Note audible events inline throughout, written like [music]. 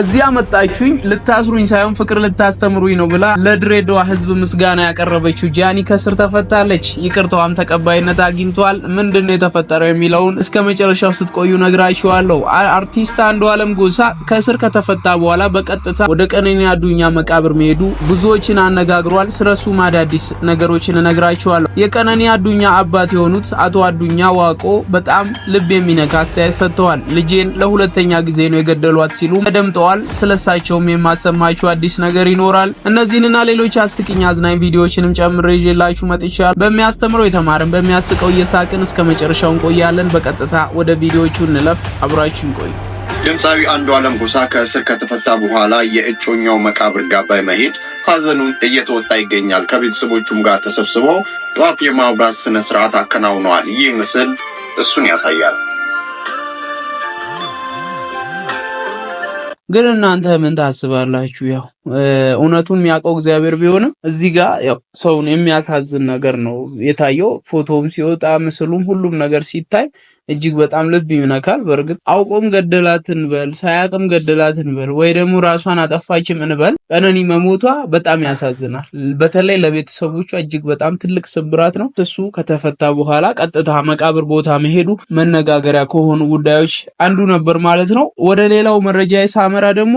እዚህ አመጣችሁኝ ልታስሩኝ ሳይሆን ፍቅር ልታስተምሩኝ ነው ብላ ለድሬዳዋ ሕዝብ ምስጋና ያቀረበችው ጃኒ ከስር ተፈታለች። ይቅርታዋም ተቀባይነት አግኝቷል። ምንድን ነው የተፈጠረው የሚለውን እስከ መጨረሻው ስትቆዩ ነግራችኋለሁ። አርቲስት አለም ጎሳ ከስር ከተፈታ በኋላ በቀጥታ ወደ ቀነኒ አዱኛ መቃብር መሄዱ ብዙዎችን አነጋግሯል። ስለሱም አዳዲስ ነገሮችን እነግራችኋለሁ። የቀነኒ አዱኛ አባት የሆኑት አቶ አዱኛ ዋቆ በጣም ልብ የሚነካ አስተያየት ሰጥተዋል። ልጄን ለሁለተኛ ጊዜ ነው የገደሏት ሲሉ ተደምጠዋል። ተመልሰዋል። ስለሳቸውም የማሰማችሁ አዲስ ነገር ይኖራል። እነዚህንና ሌሎች አስቂኝ አዝናኝ ቪዲዮዎችንም ጨምሬ ይዤላችሁ መጥቻለሁ። በሚያስተምረው የተማርን በሚያስቀው እየሳቅን እስከ መጨረሻው እንቆያለን። በቀጥታ ወደ ቪዲዮቹ እንለፍ። አብራችሁ እንቆዩ። ድምፃዊ አንዱ አለም ጎሳ ከእስር ከተፈታ በኋላ የእጮኛው መቃብር ጋር በመሄድ ሀዘኑን እየተወጣ ይገኛል። ከቤተሰቦቹም ጋር ተሰብስበው ጧፍ የማብራት ስነ ስርዓት አከናውነዋል። ይህ ምስል እሱን ያሳያል። ግን እናንተ ምን ታስባላችሁ? ያው እውነቱን የሚያውቀው እግዚአብሔር ቢሆንም እዚህ ጋር ያው ሰውን የሚያሳዝን ነገር ነው የታየው። ፎቶም ሲወጣ ምስሉም ሁሉም ነገር ሲታይ እጅግ በጣም ልብ ይነካል። በእርግጥ አውቆም ገደላት እንበል፣ ሳያቅም ገደላት እንበል፣ ወይ ደግሞ ራሷን አጠፋችም እንበል ቀነኒ መሞቷ በጣም ያሳዝናል። በተለይ ለቤተሰቦቿ እጅግ በጣም ትልቅ ስብራት ነው። እሱ ከተፈታ በኋላ ቀጥታ መቃብር ቦታ መሄዱ መነጋገሪያ ከሆኑ ጉዳዮች አንዱ ነበር ማለት ነው። ወደ ሌላው መረጃ ሳመራ ደግሞ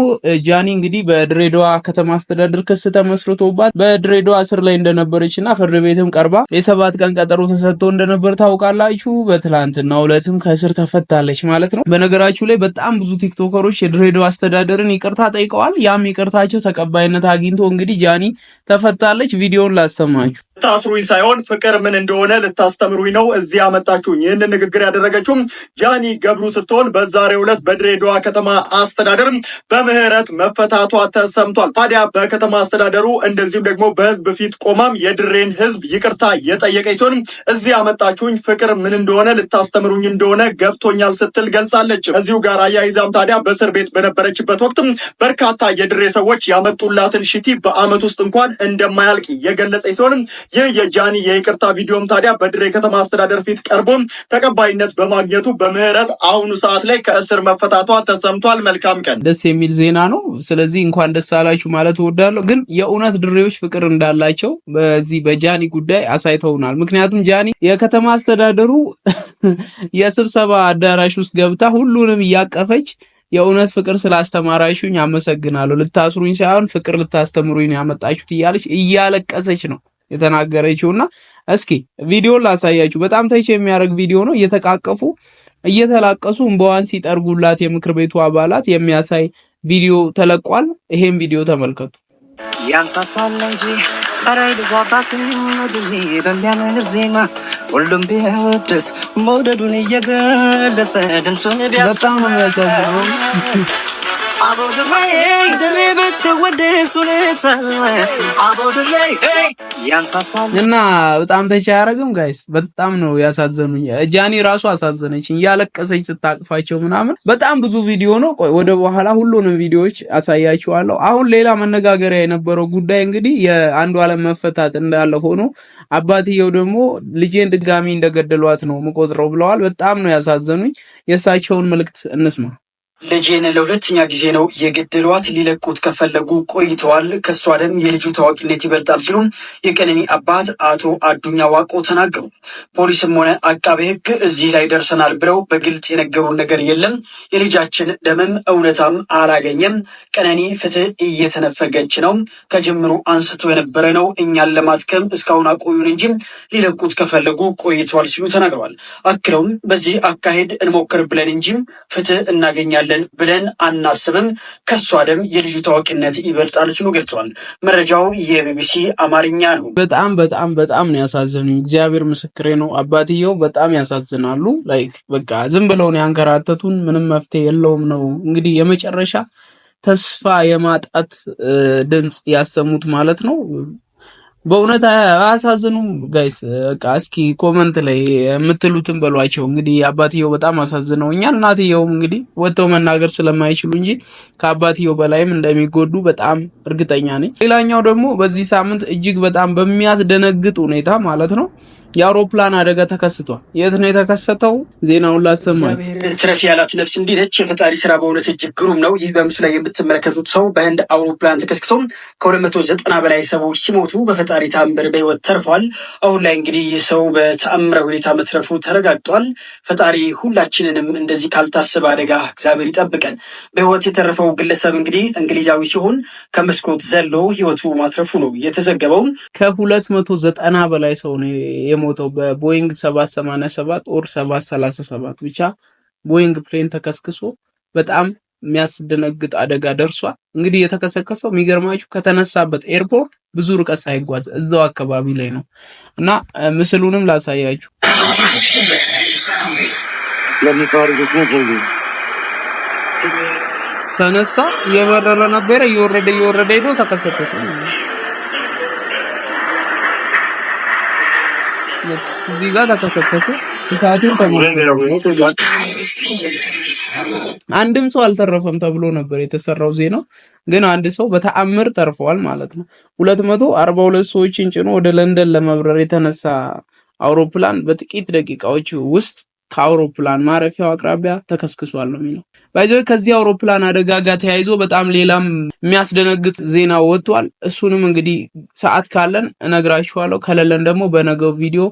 ጃኒ እንግዲህ በድሬዳዋ ከተማ አስተዳደር ክስ ተመስርቶባት በድሬዳዋ እስር ላይ እንደነበረች እና ፍርድ ቤትም ቀርባ የሰባት ቀን ቀጠሮ ተሰጥቶ እንደነበር ታውቃላችሁ በትላንትና ህብረትም ከእስር ተፈታለች ማለት ነው። በነገራችሁ ላይ በጣም ብዙ ቲክቶከሮች የድሬዳዋ አስተዳደርን ይቅርታ ጠይቀዋል። ያም ይቅርታቸው ተቀባይነት አግኝቶ እንግዲህ ጃኒ ተፈታለች። ቪዲዮን ላሰማችሁ። ታስሩኝ ሳይሆን ፍቅር ምን እንደሆነ ልታስተምሩኝ ነው እዚህ ያመጣችሁኝ። ይህንን ንግግር ያደረገችውም ጃኒ ገብሩ ስትሆን በዛሬው ዕለት በድሬዳዋ ከተማ አስተዳደር በምህረት መፈታቷ ተሰምቷል። ታዲያ በከተማ አስተዳደሩ እንደዚሁም ደግሞ በህዝብ ፊት ቆማም የድሬን ህዝብ ይቅርታ የጠየቀች ሲሆን እዚህ ያመጣችሁኝ ፍቅር ምን እንደሆነ ልታስተምሩኝ እንደሆነ ገብቶኛል ስትል ገልጻለች። እዚሁ ጋር አያይዛም ታዲያ በእስር ቤት በነበረችበት ወቅትም በርካታ የድሬ ሰዎች ያመጡላትን ሽቲ በአመት ውስጥ እንኳን እንደማያልቅ የገለጸች ሲሆንም ይህ የጃኒ የይቅርታ ቪዲዮም ታዲያ በድሬ ከተማ አስተዳደር ፊት ቀርቦ ተቀባይነት በማግኘቱ በምህረት አሁኑ ሰዓት ላይ ከእስር መፈታቷ ተሰምቷል። መልካም ቀን። ደስ የሚል ዜና ነው። ስለዚህ እንኳን ደስ አላችሁ ማለት እወዳለሁ። ግን የእውነት ድሬዎች ፍቅር እንዳላቸው በዚህ በጃኒ ጉዳይ አሳይተውናል። ምክንያቱም ጃኒ የከተማ አስተዳደሩ [laughs] የስብሰባ አዳራሽ ውስጥ ገብታ ሁሉንም እያቀፈች የእውነት ፍቅር ስላስተማራችሁኝ አመሰግናለሁ፣ ልታስሩኝ ሳይሆን ፍቅር ልታስተምሩኝ ያመጣችሁት እያለች እያለቀሰች ነው። የተናገረችውና እስኪ ቪዲዮ ላሳያችሁ። በጣም ተች የሚያደርግ ቪዲዮ ነው። እየተቃቀፉ እየተላቀሱ እንባዋን ሲጠርጉላት የምክር ቤቱ አባላት የሚያሳይ ቪዲዮ ተለቋል። ይሄን ቪዲዮ ተመልከቱ። ያንሳታል እንጂ ኧረ ይብዛባትም እድሜ በሚያምር ዜማ ሁሉም ቢያወድስ መውደዱን እየገለጸ ድምፁን ቢያሰማ እና በጣም ተቻ ያደረግም ጋይስ በጣም ነው ያሳዘኑኝ። ጃኒ ራሱ አሳዘነችኝ እያለቀሰች ስታቅፋቸው ምናምን። በጣም ብዙ ቪዲዮ ነው። ቆይ ወደ በኋላ ሁሉንም ቪዲዮዎች አሳያችኋለሁ። አሁን ሌላ መነጋገሪያ የነበረው ጉዳይ እንግዲህ የአንዱ አለም መፈታት እንዳለ ሆኖ አባትየው ደግሞ ልጄን ድጋሚ እንደገደሏት ነው ምቆጥረው ብለዋል። በጣም ነው ያሳዘኑኝ። የእሳቸውን መልእክት እንስማ። ልጄን ለሁለተኛ ጊዜ ነው የገደሏት። ሊለቁት ከፈለጉ ቆይተዋል። ከእሷ ደም የልጁ ታዋቂነት ይበልጣል ሲሉ የቀነኒ አባት አቶ አዱኛ ዋቆ ተናገሩ። ፖሊስም ሆነ አቃቤ ሕግ እዚህ ላይ ደርሰናል ብለው በግልጽ የነገሩን ነገር የለም። የልጃችን ደምም እውነታም አላገኘም። ቀነኒ ፍትህ እየተነፈገች ነው። ከጅምሩ አንስቶ የነበረ ነው። እኛን ለማትከም እስካሁን አቆዩን እንጂ ሊለቁት ከፈለጉ ቆይተዋል ሲሉ ተናግረዋል። አክለውም በዚህ አካሄድ እንሞክር ብለን እንጂ ፍትህ እናገኛል እናደርጋለን ብለን አናስብም፣ ከእሷ ደም የልጁ ታዋቂነት ይበልጣል ሲሉ ገልጿል። መረጃው የቢቢሲ አማርኛ ነው። በጣም በጣም በጣም ነው ያሳዘኑ። እግዚአብሔር ምስክሬ ነው። አባትየው በጣም ያሳዝናሉ። ላይክ በቃ ዝም ብለውን ያንከራተቱን። ምንም መፍትሄ የለውም ነው እንግዲህ የመጨረሻ ተስፋ የማጣት ድምፅ ያሰሙት ማለት ነው። በእውነት አያሳዝኑም ጋይስ? በቃ እስኪ ኮመንት ላይ የምትሉትን በሏቸው። እንግዲህ አባትየው በጣም አሳዝነውኛል። እናትየውም እንግዲህ ወጥተው መናገር ስለማይችሉ እንጂ ከአባትየው በላይም እንደሚጎዱ በጣም እርግጠኛ ነኝ። ሌላኛው ደግሞ በዚህ ሳምንት እጅግ በጣም በሚያስደነግጥ ሁኔታ ማለት ነው የአውሮፕላን አደጋ ተከስቷል። የት ነው የተከሰተው? ዜናውን ላሰማኝ። ትረፊ ያላት ነፍስ እንዲህ ነች። የፈጣሪ ስራ በእውነት እጅግ ግሩም ነው። ይህ በምስሉ ላይ የምትመለከቱት ሰው በህንድ አውሮፕላን ተከስክሰው ከሁለት መቶ ዘጠና በላይ ሰዎች ሲሞቱ በፈጣሪ ታምር በህይወት ተርፏል። አሁን ላይ እንግዲህ ይህ ሰው በተአምረ ሁኔታ መትረፉ ተረጋግጧል። ፈጣሪ ሁላችንንም እንደዚህ ካልታሰበ አደጋ እግዚአብሔር ይጠብቀን። በህይወት የተረፈው ግለሰብ እንግዲህ እንግሊዛዊ ሲሆን ከመስኮት ዘሎ ህይወቱ ማትረፉ ነው የተዘገበው። ከሁለት መቶ ዘጠና በላይ ሰው ነው የሞተው በቦይንግ 787 ኦር 737 ብቻ ቦይንግ ፕሌን ተከስክሶ በጣም የሚያስደነግጥ አደጋ ደርሷል። እንግዲህ የተከሰከሰው የሚገርማችሁ ከተነሳበት ኤርፖርት ብዙ ርቀት ሳይጓዝ እዛው አካባቢ ላይ ነው እና ምስሉንም ላሳያችሁ ተነሳ፣ እየበረረ ነበረ፣ እየወረደ እየወረደ ሄዶ ተከሰከሰ። ነው። እዚህ ጋር ተከሰከሰ። እሳቱን አንድም ሰው አልተረፈም ተብሎ ነበር የተሰራው ዜናው፣ ግን አንድ ሰው በተአምር ተርፈዋል ማለት ነው። 242 ሰዎችን ጭኖ ወደ ለንደን ለመብረር የተነሳ አውሮፕላን በጥቂት ደቂቃዎች ውስጥ ከአውሮፕላን ማረፊያው አቅራቢያ ተከስክሷል ነው የሚለው። ባይዘው ከዚህ አውሮፕላን አደጋ ጋር ተያይዞ በጣም ሌላም የሚያስደነግጥ ዜና ወጥቷል። እሱንም እንግዲህ ሰዓት ካለን እነግራችኋለሁ። ከሌለን ደግሞ በነገው ቪዲዮ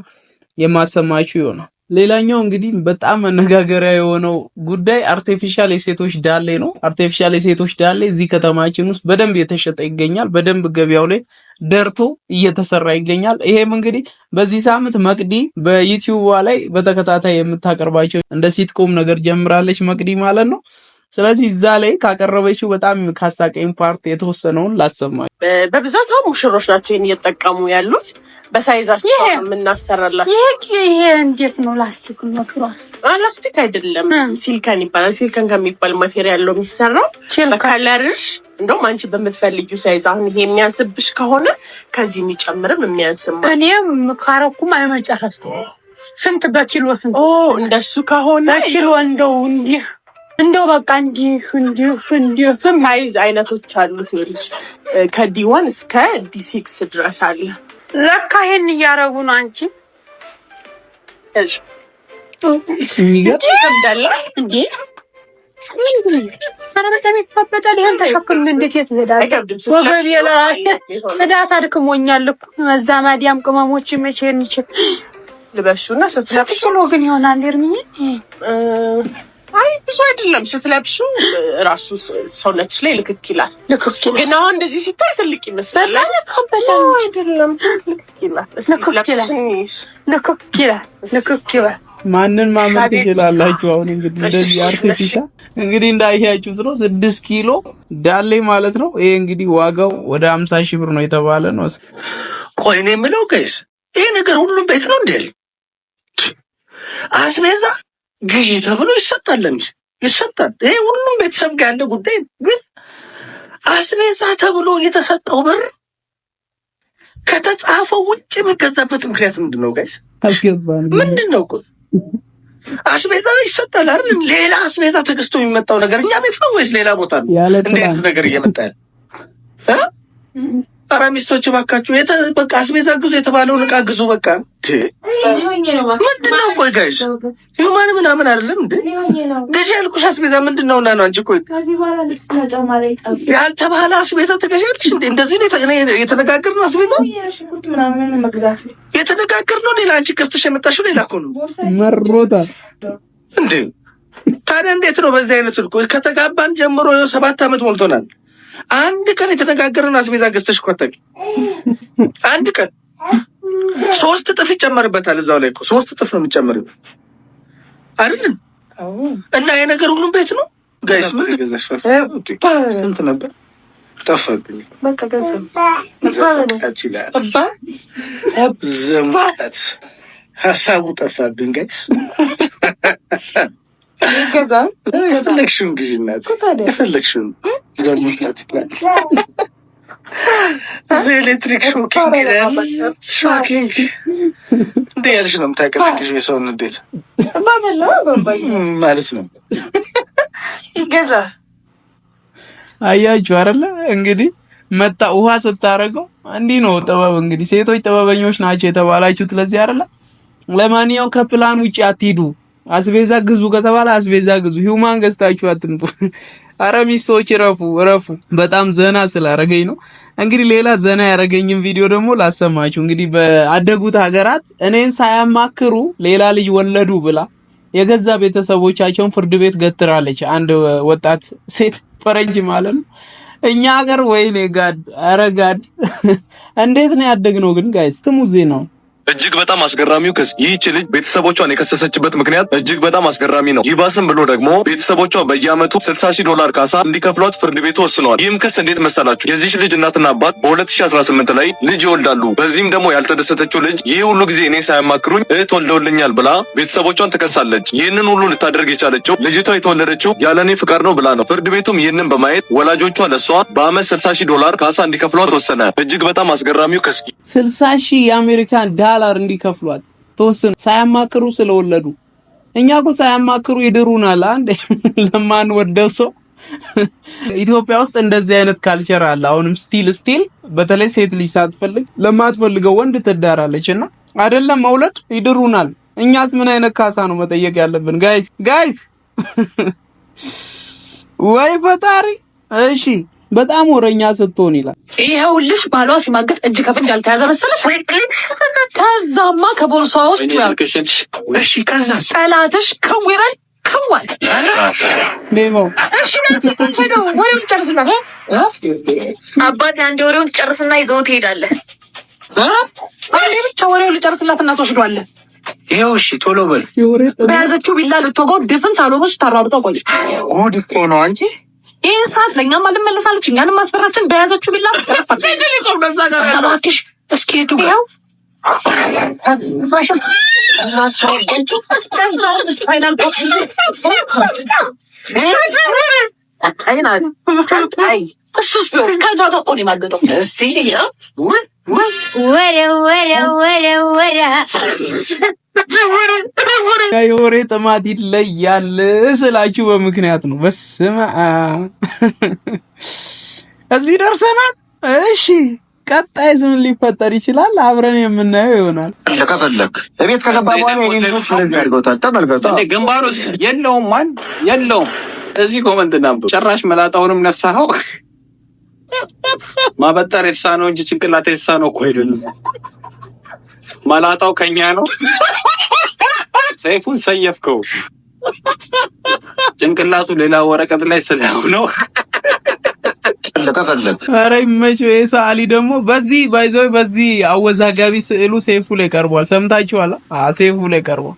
የማሰማችሁ ይሆናል። ሌላኛው እንግዲህ በጣም መነጋገሪያ የሆነው ጉዳይ አርቴፊሻል የሴቶች ዳሌ ነው። አርቴፊሻል የሴቶች ዳሌ እዚህ ከተማችን ውስጥ በደንብ የተሸጠ ይገኛል። በደንብ ገበያው ላይ ደርቶ እየተሰራ ይገኛል። ይሄም እንግዲህ በዚህ ሳምንት መቅዲ በዩቲዩቧ ላይ በተከታታይ የምታቀርባቸው እንደ ሲትኮም ነገር ጀምራለች መቅዲ ማለት ነው። ስለዚህ እዛ ላይ ካቀረበችው በጣም ካሳቀኝ ፓርት የተወሰነውን ላሰማ። በብዛት ሙሽሮች ናቸው ይህን እየጠቀሙ ያሉት በሳይዛቸው የምናሰራላቸው። ይሄ እንዴት ነው? ላስቲክ ነው? ክሮስ ላስቲክ አይደለም፣ ሲልከን ይባላል። ሲልከን ከሚባል ማቴሪያል ነው የሚሰራው። ከለርሽ እንደውም አንቺ በምትፈልጊው ሳይዝ አሁን ይሄ የሚያንስብሽ ከሆነ ከዚህ የሚጨምርም የሚያንስም እኔም ካረኩም አይመጨረስ ስንት በኪሎ ስንት እንደሱ ከሆነ በኪሎ እንደው እንዲህ እንደው በቃ እንዲህ እንዲህ እንዲህ ሳይዝ አይነቶች አሉት። ይኸውልሽ ከዲዋን እስከ ዲሲክስ ድረስ አለ። ለካ ይሄን እያረጉ ነው። አንቺ ወገቤ ለራሴ ጽዳት አድክሞኛል እኮ መዛ ማዲያም ቅመሞች መቼ እንችል ልበሹና ስትሰጥ ግን ይሆናል አይ ብዙ አይደለም። ስትለብሱ ራሱ ሰውነትሽ ላይ ልክክ ይላል። ግን አሁን እንደዚህ ሲታይ ትልቅ ይመስላል። አይደለም ማንን ማመን ትችላላችሁ? አሁን እንግዲህ እንደዚህ አርቲፊሻል እንግዲህ እንዳያችሁት ነው። ስድስት ኪሎ ዳሌ ማለት ነው። ይሄ እንግዲህ ዋጋው ወደ አምሳ ሺህ ብር ነው የተባለ ነው። ቆይ እኔ የምለው ከይስ ይሄ ነገር ሁሉም ቤት ነው እንዴ? አስቤዛ ግዢ ተብሎ ይሰጣል፣ ለሚስት ይሰጣል። ይሄ ሁሉም ቤተሰብ ጋር ያለ ጉዳይ ግን አስቤዛ ተብሎ የተሰጠው ብር ከተጻፈው ውጭ የሚገዛበት ምክንያት ምንድን ነው? ጋይስ ምንድን ነው? አስቤዛ ይሰጣል አይደል? ሌላ አስቤዛ ተገዝቶ የሚመጣው ነገር እኛ ቤት ነው ወይስ ሌላ ቦታ ነው? እንዴት ነገር እየመጣ ያለ ኧረ ሚስቶች እባካችሁ በቃ አስቤዛ ግዙ፣ የተባለውን እቃ ግዙ። በቃ ምንድነው? ቆይ ጋይስ ዩማን ምናምን አይደለም እንዴ ገዢ ያልኩሽ አስቤዛ ምንድን ነው እና ነው አንቺ? ቆይ ያልተባለ አስቤዛ ተገዣልሽ እንዴ? እንደዚህ ነው የተነጋገርነው አስቤዛ የተነጋገርነው ሌላ፣ አንቺ ገዝተሽ የመጣሽው ሌላ እኮ ነው። መሮታል እንዴ? ታዲያ እንዴት ነው በዚህ አይነት ልኮ ከተጋባን ጀምሮ ሰባት አመት ሞልቶናል። አንድ ቀን የተነጋገረን አስቤዛ ገዝተሽ እኮ አታውቂም። አንድ ቀን ሶስት እጥፍ ይጨመርበታል። እዛው ላይ እኮ ሶስት እጥፍ ነው የሚጨመርበት አይደለም። እና ይሄ ነገር ሁሉም ቤት ነው ጋይስ። ምን ስንት ነበር? ጠፋብኝ። በቃ ገንዘብ ዘመጣት ሀሳቡ ጠፋብኝ ጋይስ ይገዛል። የፈለግሽውን ግዢ እናት፣ የፈለግሽውን ኤሌክትሪክ ሾኪንግ ይላል። ሾኪንግ እንደ ያልሽ ነው የምታቀዘቅዥው የሰውን እንዴት ማለት ነው። አያችሁ አይደለ እንግዲህ መጣ ውሃ ስታደርገው እንዲህ ነው ጥበብ። እንግዲህ ሴቶች ጥበበኞች ናቸው የተባላችሁት ለዚህ አይደለ። ለማንኛውም ከፕላን ውጭ አትሂዱ። አስቤዛ ግዙ ከተባለ አስቤዛ ግዙ። ሂውማን ገዝታችሁ አትምጡ። [laughs] አረ ሚስቶች ረፉ ረፉ። በጣም ዘና ስላረገኝ ነው። እንግዲህ ሌላ ዘና ያረገኝም ቪዲዮ ደግሞ ላሰማችሁ። እንግዲህ በአደጉት ሀገራት እኔን ሳያማክሩ ሌላ ልጅ ወለዱ ብላ የገዛ ቤተሰቦቻቸውን ፍርድ ቤት ገትራለች። አንድ ወጣት ሴት ፈረንጅ ማለት ነው። እኛ ሀገር ወይኔ ጋድ አረ ጋድ [laughs] እንዴት ነው ያደግነው ግን ጋይስ ስሙ ዜናው እጅግ በጣም አስገራሚው ክስ ይህች ልጅ ቤተሰቦቿን የከሰሰችበት ምክንያት እጅግ በጣም አስገራሚ ነው። ይባስም ብሎ ደግሞ ቤተሰቦቿ በየዓመቱ 60 ሺህ ዶላር ካሳ እንዲከፍሏት ፍርድ ቤቱ ወስነዋል። ይህም ክስ እንዴት መሰላችሁ? የዚች ልጅ እናትና አባት በ2018 ላይ ልጅ ይወልዳሉ። በዚህም ደግሞ ያልተደሰተችው ልጅ ይህ ሁሉ ጊዜ እኔ ሳያማክሩኝ እህት ወልደውልኛል ብላ ቤተሰቦቿን ትከሳለች። ይህንን ሁሉ ልታደርግ የቻለችው ልጅቷ የተወለደችው ያለኔ ፍቃድ ነው ብላ ነው። ፍርድ ቤቱም ይህንን በማየት ወላጆቿ ለሷ በአመት 60 ሺህ ዶላር ካሳ እንዲከፍሏት ወሰነ። እጅግ በጣም አስገራሚው ክስ 60 ሺህ የአሜሪካን ዳላር እንዲከፍሏት ተወሰኑ ሳያማክሩ ስለወለዱ። እኛ እኮ ሳያማክሩ ይድሩናል። አንድ [laughs] ለማንወደው ሰው [laughs] ኢትዮጵያ ውስጥ እንደዚህ አይነት ካልቸር አለ። አሁንም ስቲል ስቲል በተለይ ሴት ልጅ ሳትፈልግ ለማትፈልገው ወንድ ትዳራለች እና አይደለም መውለድ ይድሩናል። እኛስ ምን አይነት ካሳ ነው መጠየቅ ያለብን? ጋይስ ጋይስ፣ [laughs] ወይ ፈጣሪ! እሺ በጣም ወረኛ ስትሆን ይላል። ይኸውልሽ ባሏ ሲማግጥ እጅ ከፍንጅ አልተያዘ መሰለሽ ከዛማ ከቦርሷ ውስጥ እሺ፣ ከዛ ጠላትሽ ክው ይበል ክዋል እሺ፣ ወሬውን ጨርስና አባት አንድ ወሬውን ጨርስና ይዘው ትሄዳለህ። እኔ ብቻ ወሬውን ትወስዷለህ። እሺ፣ ቶሎ በል። በያዘችው ቢላ ልትወጋው ድፍን ሳሎኖች ታሯሩጠው ቆይ ጉድ እኮ ነው አንቺ ይህን ሰዓት ለእኛም አልመለሳለች እኛንም ማስፈራችን በያዘችው ቢላ ትጠረፋለች። እባክሽ እስኪ ሄዱ ይኸው የወሬ ጥማት ይለያል ስላችሁ በምክንያት ነው። በስመ አብ እዚህ ደርሰናል። እሺ ቀጣይ ዞን ሊፈጠር ይችላል። አብረን የምናየው ይሆናል። ከፈለክ እቤት ከገባ በኋላ የኔቶች እንደዚህ አድርገውታል። ተመልከቱ። ግንባሩስ የለውም ማን የለውም። እዚህ ኮመንት ናብ ጭራሽ መላጣውንም ነሳኸው። ማበጠር የተሳነው እንጂ ጭንቅላት የተሳነው እኮ አይደለም። መላጣው ከኛ ነው። ሰይፉን ሰየፍከው። ጭንቅላቱ ሌላ ወረቀት ላይ ስለሆነው ፈለቀ ፈለቀ። አረ ኧረ ይመችው። ሰዓሊ ደግሞ በዚህ ባይዘው በዚህ አወዛጋቢ ስዕሉ ሴፉ ላይ ቀርቧል። ሰምታችኋል? አ ሴፉ ላይ ቀርቧል።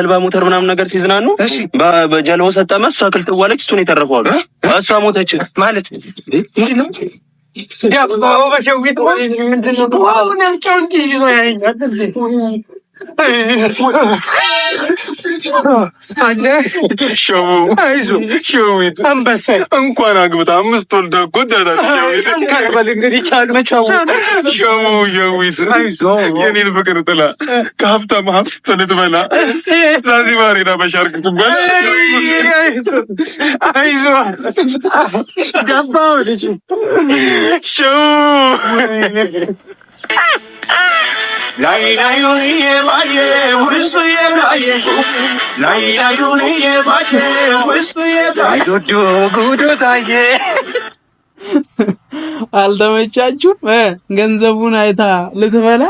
ጀልባ ሞተር ምናምን ነገር ሲዝናኑ በጀልባው ሰጠመ፣ እሷ ዋለች፣ እሱን የተረፈዋሉ። እሷ ሞተች ማለት ምንድን ነው? ሸዊት አንበሳ እንኳን አግብታ አምስት ወልዳ ጎዳታል። ሸዊት የኔን ፍቅር ጥላ ከሀብታም ሀብስት ልትበላ ዛዚማሪና በሻርክ ትበላ። አይዞህ ደፋው ልጅ ሸው Laylayuliye baye husuye daye Laylayuliye baye husuye daye Gudu gudu daye [laughs] አልተመቻችሁም? ገንዘቡን አይታ ልትበላ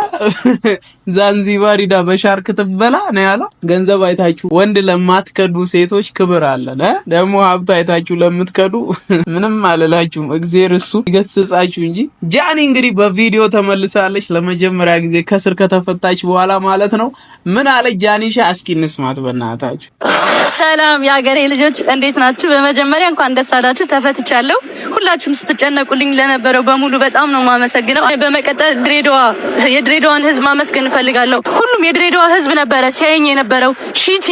[laughs] ዛንዚባር ሂዳ በሻርክ ትበላ ነው ያለው። ገንዘብ አይታችሁ ወንድ ለማትከዱ ሴቶች ክብር አለን። ደግሞ ሀብት አይታችሁ ለምትከዱ [laughs] ምንም አልላችሁም። እግዜር እሱ ይገስጻችሁ እንጂ። ጃኒ እንግዲህ በቪዲዮ ተመልሳለች ለመጀመሪያ ጊዜ ከስር ከተፈታች በኋላ ማለት ነው። ምን አለ ጃኒሻ? እስኪ እንስማት በእናታችሁ ሰላም የሀገሬ ልጆች እንዴት ናችሁ? በመጀመሪያ እንኳን ደስ አላችሁ፣ ተፈትቻለሁ። ሁላችሁም ስትጨነቁልኝ ለነበረው በሙሉ በጣም ነው ማመሰግነው። በመቀጠል ድሬዳዋ የድሬዳዋን ሕዝብ ማመስገን እፈልጋለሁ። ሁሉም የድሬዳዋ ሕዝብ ነበረ ሲያየኝ የነበረው ሺቲ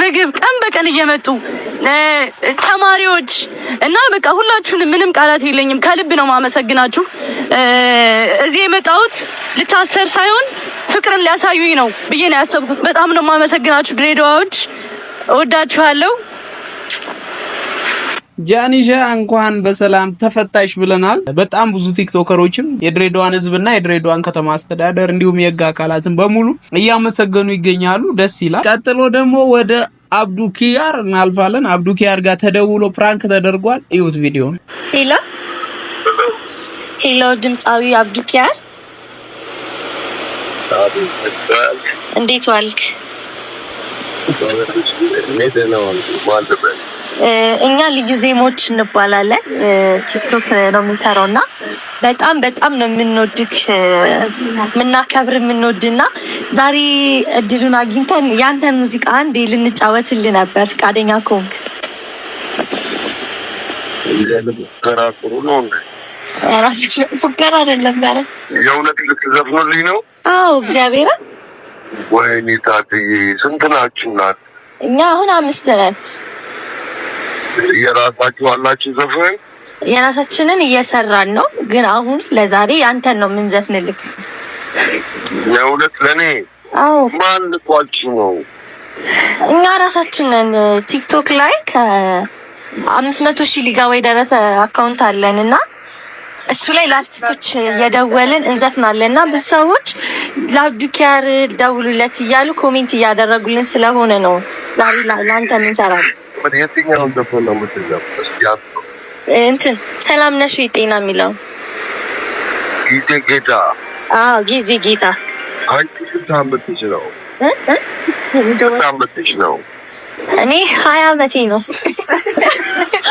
ምግብ ቀን በቀን እየመጡ ተማሪዎች እና በቃ ሁላችሁንም ምንም ቃላት የለኝም፣ ከልብ ነው ማመሰግናችሁ። እዚህ የመጣሁት ልታሰር ሳይሆን ፍቅርን ሊያሳዩኝ ነው ብዬ ነው ያሰብኩት። በጣም ነው ማመሰግናችሁ ድሬዳዋዎች። እወዳችኋለሁ። ጃኒሻ እንኳን በሰላም ተፈታሽ ብለናል። በጣም ብዙ ቲክቶከሮችም የድሬዳዋን ህዝብና የድሬዳዋን ከተማ አስተዳደር እንዲሁም የህግ አካላትን በሙሉ እያመሰገኑ ይገኛሉ። ደስ ይላል። ቀጥሎ ደግሞ ወደ አብዱ ኪያር እናልፋለን። አብዱ ኪያር ጋር ተደውሎ ፕራንክ ተደርጓል። እዩት ቪዲዮ። ሄሎ ሄሎ፣ ድምፃዊ አብዱ ኪያር እንዴት ዋልክ? እኛ ልዩ ዜሞች እንባላለን። ቲክቶክ ነው የምንሰራው እና በጣም በጣም ነው የምንወድክ የምናከብር የምንወድና ዛሬ እድሉን አግኝተን ያንተን ሙዚቃ አንዴ ልንጫወትል ነበር ፈቃደኛ ከሆንክ ፉከራሩ ነው ፉከራ አይደለም። የእውነት ልትዘፍኑልኝ ነው? አዎ እግዚአብሔር ወይኔ ታትዬ ስንት ናችሁ? ናት እኛ አሁን አምስት ነን። የራሳችሁ አላችሁ ዘፈን? የራሳችንን እየሰራን ነው፣ ግን አሁን ለዛሬ አንተን ነው የምንዘፍንልክ። የእውነት ለእኔ? አዎ። ማን ልኳችሁ ነው? እኛ ራሳችንን ቲክቶክ ላይ ከአምስት መቶ ሺህ ሊጋ ወይ ደረሰ አካውንት አለን እና እሱ ላይ ለአርቲስቶች የደወልን እንዘትን አለና ብዙ ሰዎች ለአብዱኪያር ደውሉለት እያሉ ኮሜንት እያደረጉልን ስለሆነ ነው ዛሬ ለአንተ የምንሰራው። እንትን ሰላም ነሽ ጤና የሚለው ጊዜ ጌታ አዎ፣ ጊዜ ጌታ እኔ ሀያ አመቴ ነው።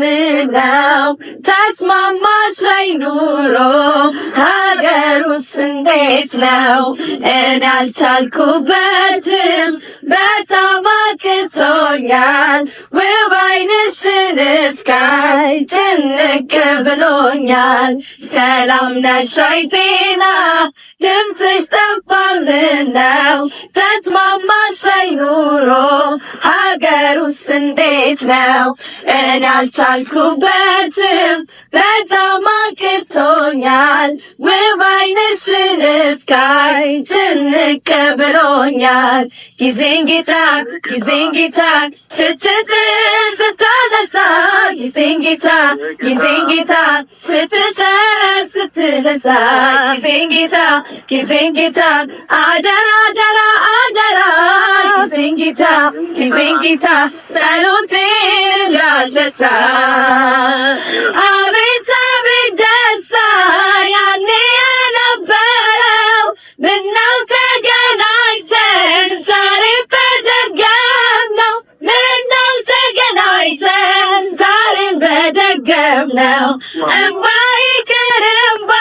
ለምነው ተስማማች ላይ ኑሮ ሀገሩስ እንዴት ነው? እኔ አልቻልኩበትም በጣም አቅቶኛል ውባይንሽን እስካይ ጭንቅ ብሎኛል። ሰላም ነሽ ወይ ጤና ድምፅሽ ጠፋር ምነው ተስማማሽ ወይ ኑሮ ሀገር እንዴት ነው? እኔ አልቻልኩበትም በጣም አቅቶኛል ውባይንሽን እስካይ ጭንቅ ብሎኛል ጊዜ ጊዜንጌታ ጊዜንጌታ ስትጥል ስትነሳ ጊዜንጌታ አደራ አደራ አደራ ጊዜንጌታ ደስታ ያኔ የነበረው ምነው ተገናኝተን ግርግም ነው እምባይ ቅርምባ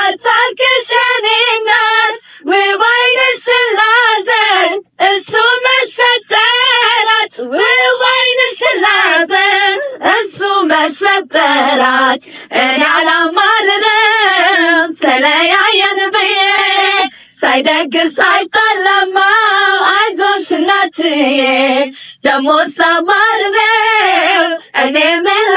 አታልቅሸኔናት ውብ አይነት ስላዘር እሱ መች ፈጠራት ውብ አይነት ስላዘር እሱ መች ፈጠራት እኔ አላማርርም ተለያየን ብዬ ሳይደግር ሳይጣላማ አይዞሽ እናትዬ ደሞ ሳማርረው እኔ ምላ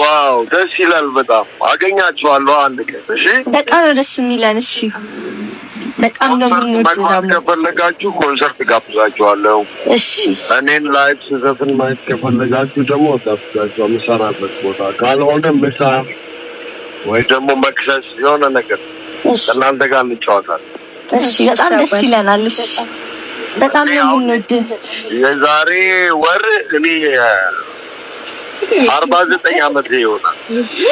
ዋው ደስ ይላል። በጣም አገኛችኋለሁ አንድ ቀን። እሺ በጣም ደስ የሚለን። እሺ በጣም ነው የምንወዱ። ከፈለጋችሁ ኮንሰርት ጋብዛችኋለሁ። እሺ እኔን ላይፍ ስዘፍን ማየት ከፈለጋችሁ ደግሞ ጋብዛችሁ የምሰራበት ቦታ ካልሆነ ምሳ ወይ ደግሞ መክሰስ የሆነ ነገር እናንተ ጋር እንጫወታለን። እሺ በጣም ደስ ይለናል። እሺ በጣም ነው የምንወድ። የዛሬ ወር እኔ አርባ ዘጠኝ አመት ይሆናል።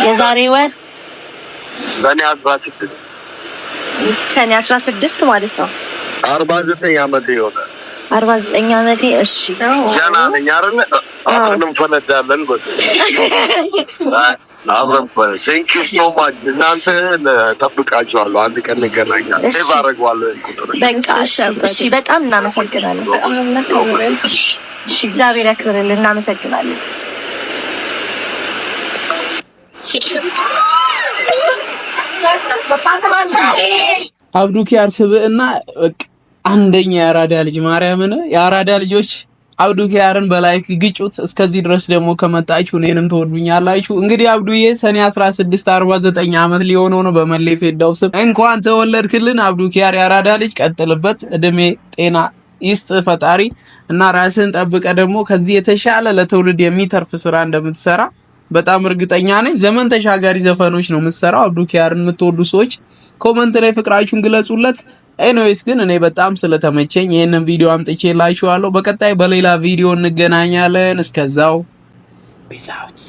የዛሬ ወር ሰኔ አስራ ስድስት ሰኔ አስራ ስድስት ማለት ነው። አርባ ዘጠኝ አመት ይሆናል። አርባ ዘጠኝ አመቴ። እሺ ገና ነኝ አይደለ? አብረን እንፈነዳለን። አብረን ቴንክ ዩ ሶ ማች። እናንተ ጠብቃችኋለሁ። አንድ ቀን እንገናኛለን። ሴቭ አደርገዋለሁ። እሺ። በጣም እናመሰግናለን። እሺ፣ እግዚአብሔር ያክብርልን። እናመሰግናለን። አብዱኪያር ኪያር ስብዕና አንደኛ የአራዳ ልጅ ማርያምን የአራዳ ልጆች አብዱኪያርን በላይክ ግጩት። እስከዚህ ድረስ ደግሞ ከመጣችሁ እኔንም ትወዱኛላችሁ። እንግዲህ አብዱዬ ሰኔ 16 49 ዓመት ሊሆነው ነው። በመሌ ፌዳው ስም እንኳን ተወለድክልን አብዱኪያር የአራዳ ልጅ። ቀጥልበት፣ እድሜ ጤና ይስጥ ፈጣሪ እና ራስህን ጠብቀ ደግሞ ከዚህ የተሻለ ለትውልድ የሚተርፍ ስራ እንደምትሰራ በጣም እርግጠኛ ነኝ። ዘመን ተሻጋሪ ዘፈኖች ነው የምትሰራው። አብዱኪያርን የምትወዱ ሰዎች ኮመንት ላይ ፍቅራችሁን ግለጹለት። ኤኒዌይስ ግን እኔ በጣም ስለተመቸኝ ይህንን ቪዲዮ አምጥቼላችኋለሁ። በቀጣይ በሌላ ቪዲዮ እንገናኛለን። እስከዛው ፒስ አውት